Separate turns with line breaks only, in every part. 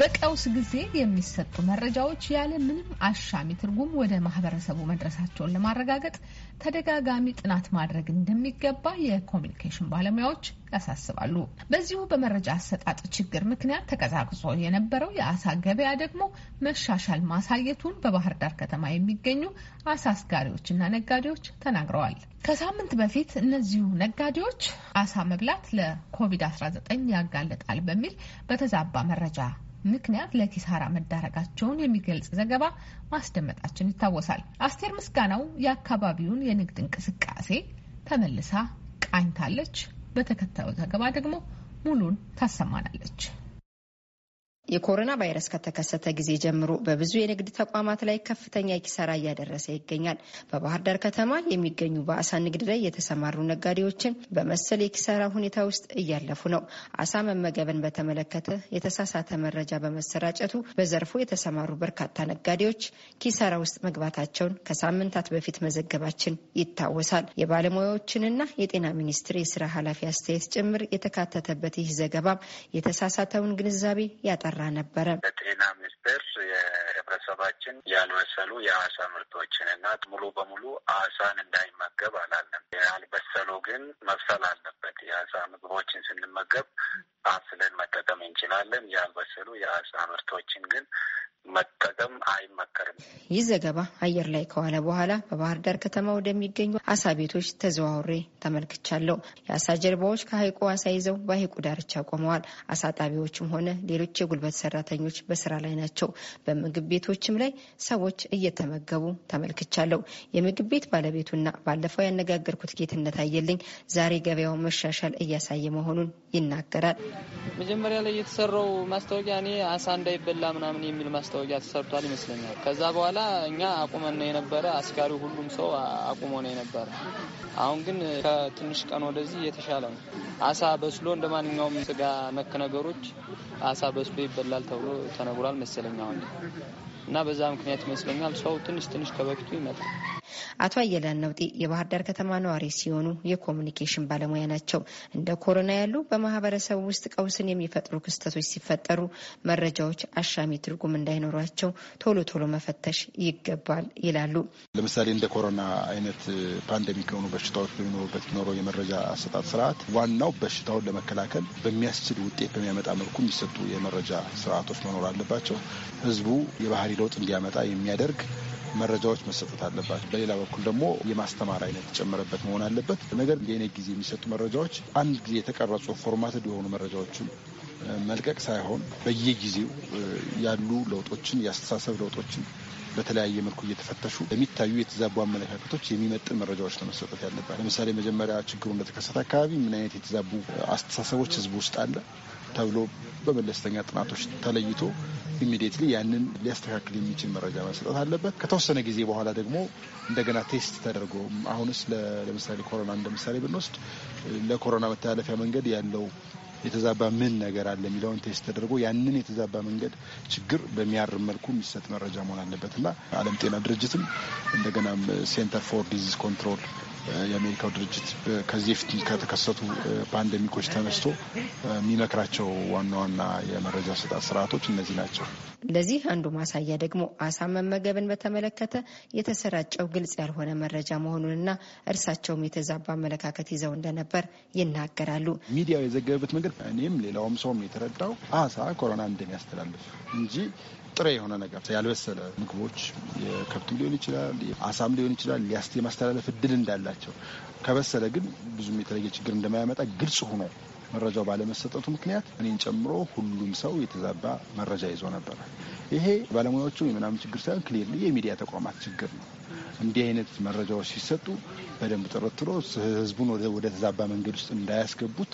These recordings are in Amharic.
በቀውስ ጊዜ የሚሰጡ መረጃዎች ያለ ምንም አሻሚ ትርጉም ወደ ማህበረሰቡ መድረሳቸውን ለማረጋገጥ ተደጋጋሚ ጥናት ማድረግ እንደሚገባ የኮሚኒኬሽን ባለሙያዎች ያሳስባሉ። በዚሁ በመረጃ አሰጣጥ ችግር ምክንያት ተቀዛቅዞ የነበረው የአሳ ገበያ ደግሞ መሻሻል ማሳየቱን በባህር ዳር ከተማ የሚገኙ አሳ አስጋሪዎችና ነጋዴዎች ተናግረዋል። ከሳምንት በፊት እነዚሁ ነጋዴዎች አሳ መብላት ለኮቪድ-19 ያጋልጣል በሚል በተዛባ መረጃ ምክንያት ለኪሳራ መዳረጋቸውን የሚገልጽ ዘገባ ማስደመጣችን ይታወሳል። አስቴር ምስጋናው የአካባቢውን የንግድ እንቅስቃሴ ተመልሳ ቃኝታለች። በተከታዩ ዘገባ ደግሞ ሙሉን ታሰማናለች።
የኮሮና ቫይረስ ከተከሰተ ጊዜ ጀምሮ በብዙ የንግድ ተቋማት ላይ ከፍተኛ ኪሳራ እያደረሰ ይገኛል። በባህር ዳር ከተማ የሚገኙ በአሳ ንግድ ላይ የተሰማሩ ነጋዴዎችን በመሰል የኪሳራ ሁኔታ ውስጥ እያለፉ ነው። አሳ መመገብን በተመለከተ የተሳሳተ መረጃ በመሰራጨቱ በዘርፉ የተሰማሩ በርካታ ነጋዴዎች ኪሳራ ውስጥ መግባታቸውን ከሳምንታት በፊት መዘገባችን ይታወሳል። የባለሙያዎችንና የጤና ሚኒስቴር የስራ ኃላፊ አስተያየት ጭምር የተካተተበት ይህ ዘገባም የተሳሳተውን ግንዛቤ ያጠራል። ነበረ።
በጤና ሚኒስቴር የህብረተሰባችን ያልበሰሉ የአሳ ምርቶችን እና ሙሉ በሙሉ አሳን እንዳይመገብ አላለም። ያልበሰሉ ግን መብሰል አለበት። የአሳ ምግቦችን ስንመገብ አብስለን መጠቀም እንችላለን። ያልበሰሉ የአሳ ምርቶችን ግን መጠቀም አይመከርም።
ይህ ዘገባ አየር ላይ ከዋለ በኋላ በባህር ዳር ከተማ ወደሚገኙ አሳ ቤቶች ተዘዋውሬ ተመልክቻለሁ። የአሳ ጀልባዎች ከሀይቁ አሳ ይዘው በሀይቁ ዳርቻ ቆመዋል። አሳ ጣቢዎችም ሆነ ሌሎች የጉልበት ሰራተኞች በስራ ላይ ናቸው። በምግብ ቤቶችም ላይ ሰዎች እየተመገቡ ተመልክቻለሁ። የምግብ ቤት ባለቤቱና ባለፈው ያነጋገርኩት ጌትነት አየልኝ ዛሬ ገበያው መሻሻል እያሳየ መሆኑን ይናገራል።
መጀመሪያ ላይ የተሰራው ማስታወቂያ እኔ አሳ እንዳይበላ ምናምን የሚል ማስታወቂያ ተሰርቷል ይመስለኛል። ከዛ በኋላ እኛ አቁመን ነው የነበረ፣ አስጋሪ ሁሉም ሰው አቁሞ ነው የነበረ። አሁን ግን ከትንሽ ቀን ወደዚህ የተሻለ ነው። አሳ በስሎ እንደ ማንኛውም ስጋ ነክ ነገሮች አሳ በስሎ ይበላል ተብሎ ተነግሯል መሰለኛ እና በዛ ምክንያት ይመስለኛል ሰው ትንሽ ትንሽ ተበክቶ ይመጣል።
አቶ አየለን ነውጤ የባህር ዳር ከተማ ነዋሪ ሲሆኑ የኮሚኒኬሽን ባለሙያ ናቸው። እንደ ኮሮና ያሉ በማህበረሰብ ውስጥ ቀውስን የሚፈጥሩ ክስተቶች ሲፈጠሩ መረጃዎች አሻሚ ትርጉም እንዳይኖሯቸው ቶሎ ቶሎ መፈተሽ ይገባል ይላሉ።
ለምሳሌ እንደ ኮሮና አይነት ፓንደሚክ የሆኑ በሽታዎች በሚኖሩበት ቢኖረው የመረጃ አሰጣጥ ስርዓት ዋናው በሽታውን ለመከላከል በሚያስችል ውጤት በሚያመጣ መልኩ የሚሰጡ የመረጃ ስርዓቶች መኖር አለባቸው። ህዝቡ የባህሪ ባህሪ ለውጥ እንዲያመጣ የሚያደርግ መረጃዎች መሰጠት አለባት። በሌላ በኩል ደግሞ የማስተማር አይነት ተጨመረበት መሆን አለበት። ነገር የአይነት ጊዜ የሚሰጡ መረጃዎች አንድ ጊዜ የተቀረጹ ፎርማትድ የሆኑ መረጃዎችን መልቀቅ ሳይሆን በየጊዜው ያሉ ለውጦችን የአስተሳሰብ ለውጦችን በተለያየ መልኩ እየተፈተሹ የሚታዩ የተዛቡ አመለካከቶች የሚመጥን መረጃዎች ነው መሰጠት ያለባት። ለምሳሌ መጀመሪያ ችግሩ እንደተከሰተ አካባቢ ምን አይነት የተዛቡ አስተሳሰቦች ህዝቡ ውስጥ አለ ተብሎ በመለስተኛ ጥናቶች ተለይቶ ኢሚዲየትሊ ያንን ሊያስተካክል የሚችል መረጃ መስጠት አለበት። ከተወሰነ ጊዜ በኋላ ደግሞ እንደገና ቴስት ተደርጎ አሁንስ ለምሳሌ ኮሮና እንደምሳሌ ብንወስድ ለኮሮና መተላለፊያ መንገድ ያለው የተዛባ ምን ነገር አለ የሚለውን ቴስት ተደርጎ ያንን የተዛባ መንገድ ችግር በሚያርም መልኩ የሚሰጥ መረጃ መሆን አለበት እና ዓለም ጤና ድርጅትም እንደገናም ሴንተር ፎር ዲዚዝ ኮንትሮል የአሜሪካው ድርጅት ከዚህ በፊት ከተከሰቱ ፓንደሚኮች ተነስቶ የሚመክራቸው ዋና ዋና የመረጃ ስጣት ስርዓቶች እነዚህ ናቸው።
ለዚህ አንዱ ማሳያ ደግሞ አሳ መመገብን በተመለከተ የተሰራጨው ግልጽ ያልሆነ መረጃ መሆኑንና እርሳቸውም የተዛባ አመለካከት ይዘው እንደነበር
ይናገራሉ። ሚዲያው የዘገበበት መንገድ እኔም ሌላውም ሰውም የተረዳው አሳ ኮሮና እንደሚያስተላልፍ እንጂ ጥሬ የሆነ ነገር ያልበሰለ ምግቦች የከብትም ሊሆን ይችላል፣ አሳም ሊሆን ይችላል የማስተላለፍ እድል እንዳላቸው ከበሰለ ግን ብዙም የተለየ ችግር እንደማያመጣ ግልጽ ሆኖ መረጃው ባለመሰጠቱ ምክንያት እኔን ጨምሮ ሁሉም ሰው የተዛባ መረጃ ይዞ ነበር። ይሄ ባለሙያዎቹ የምናምን ችግር ሳይሆን ክሊርሊ የሚዲያ ተቋማት ችግር ነው። እንዲህ አይነት መረጃዎች ሲሰጡ በደንብ ተረትሮ ህዝቡን ወደ ተዛባ መንገድ ውስጥ እንዳያስገቡት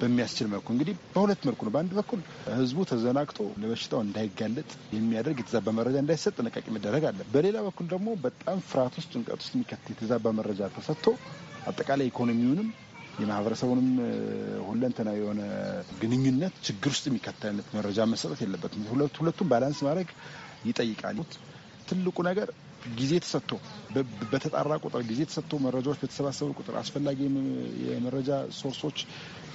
በሚያስችል መልኩ እንግዲህ በሁለት መልኩ ነው። በአንድ በኩል ህዝቡ ተዘናግቶ ለበሽታው እንዳይጋለጥ የሚያደርግ የተዛባ መረጃ እንዳይሰጥ ጥንቃቄ መደረግ አለ። በሌላ በኩል ደግሞ በጣም ፍርሃት ውስጥ ጭንቀት ውስጥ የሚከት የተዛባ መረጃ ተሰጥቶ አጠቃላይ ኢኮኖሚውንም የማህበረሰቡንም ሁለንተና የሆነ ግንኙነት ችግር ውስጥ የሚከት አይነት መረጃ መሰጠት የለበትም። ሁለቱም ባላንስ ማድረግ ይጠይቃል። ትልቁ ነገር ጊዜ ተሰጥቶ በተጣራ ቁጥር ጊዜ ተሰጥቶ መረጃዎች በተሰባሰቡ ቁጥር አስፈላጊ የመረጃ ሶርሶች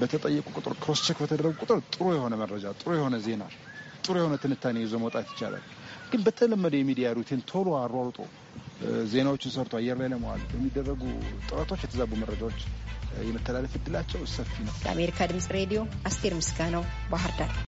በተጠየቁ ቁጥር ክሮስቸክ በተደረጉ ቁጥር ጥሩ የሆነ መረጃ፣ ጥሩ የሆነ ዜና፣ ጥሩ የሆነ ትንታኔ ይዞ መውጣት ይቻላል። ግን በተለመደ የሚዲያ ሩቲን ቶሎ አሯርጦ ዜናዎችን ሰርቶ አየር ላይ ለመዋል በሚደረጉ ጥረቶች የተዛቡ መረጃዎች የመተላለፍ እድላቸው ሰፊ ነው።
ለአሜሪካ ድምጽ ሬዲዮ አስቴር ምስጋናው ባህር ዳር